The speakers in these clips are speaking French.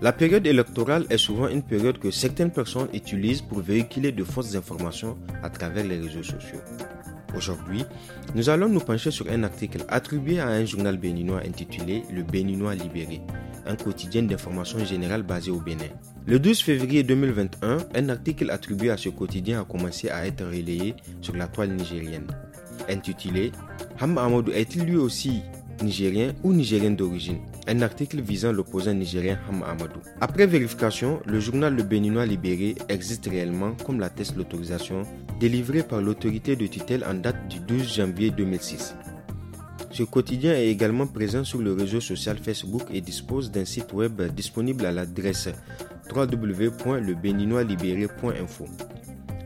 La période électorale est souvent une période que certaines personnes utilisent pour véhiculer de fausses informations à travers les réseaux sociaux. Aujourd'hui, nous allons nous pencher sur un article attribué à un journal béninois intitulé Le Béninois libéré, un quotidien d'information générale basé au Bénin. Le 12 février 2021, un article attribué à ce quotidien a commencé à être relayé sur la toile nigérienne. Intitulé Ham Amadou est-il lui aussi nigérien ou nigérien d'origine, un article visant l'opposant nigérien Ham Amadou. Après vérification, le journal Le Béninois Libéré existe réellement comme l'atteste l'autorisation délivrée par l'autorité de tutelle en date du 12 janvier 2006. Ce quotidien est également présent sur le réseau social Facebook et dispose d'un site web disponible à l'adresse www.lebéninoislibéré.info.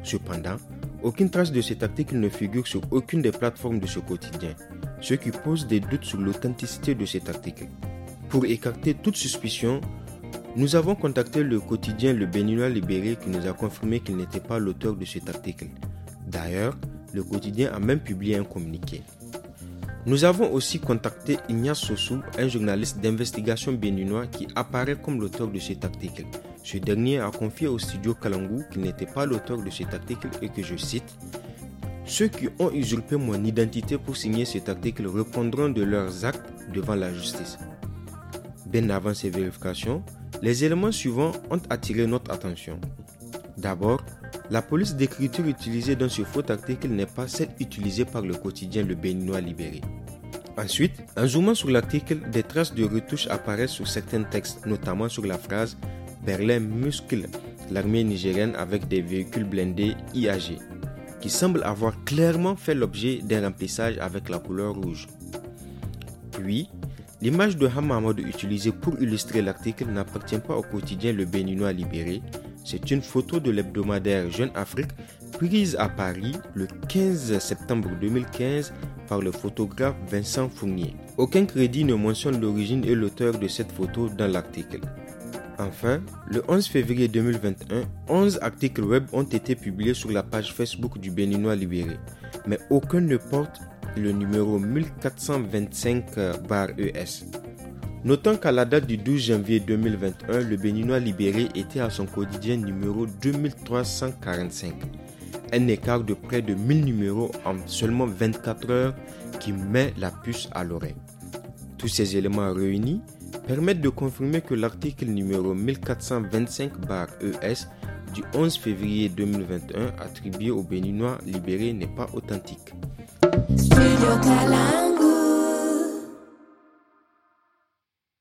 Cependant, aucune trace de cet article ne figure sur aucune des plateformes de ce quotidien, ce qui pose des doutes sur l'authenticité de cet article. Pour écarter toute suspicion, nous avons contacté le quotidien Le Béninois Libéré qui nous a confirmé qu'il n'était pas l'auteur de cet article. D'ailleurs, le quotidien a même publié un communiqué. Nous avons aussi contacté Ignace Sossou, un journaliste d'investigation béninois qui apparaît comme l'auteur de cet article. Ce dernier a confié au studio Kalangu qu'il n'était pas l'auteur de cet article et que je cite Ceux qui ont usurpé mon identité pour signer cet article répondront de leurs actes devant la justice. Bien avant ces vérifications, les éléments suivants ont attiré notre attention. D'abord, la police d'écriture utilisée dans ce faux article n'est pas celle utilisée par le quotidien Le Béninois libéré. Ensuite, en zoomant sur l'article, des traces de retouches apparaissent sur certains textes, notamment sur la phrase Berlin muscle l'armée nigérienne avec des véhicules blindés IAG, qui semble avoir clairement fait l'objet d'un remplissage avec la couleur rouge. Puis, l'image de Hamamadou utilisée pour illustrer l'article n'appartient pas au quotidien Le Béninois libéré, c'est une photo de l'hebdomadaire Jeune Afrique prise à Paris le 15 septembre 2015 par le photographe Vincent Fournier. Aucun crédit ne mentionne l'origine et l'auteur de cette photo dans l'article. Enfin, le 11 février 2021, 11 articles web ont été publiés sur la page Facebook du Béninois libéré, mais aucun ne porte le numéro 1425-ES. Notons qu'à la date du 12 janvier 2021, le Béninois libéré était à son quotidien numéro 2345. Un écart de près de 1000 numéros en seulement 24 heures qui met la puce à l'oreille. Tous ces éléments réunis permettent de confirmer que l'article numéro 1425-ES e du 11 février 2021 attribué au Béninois libéré n'est pas authentique.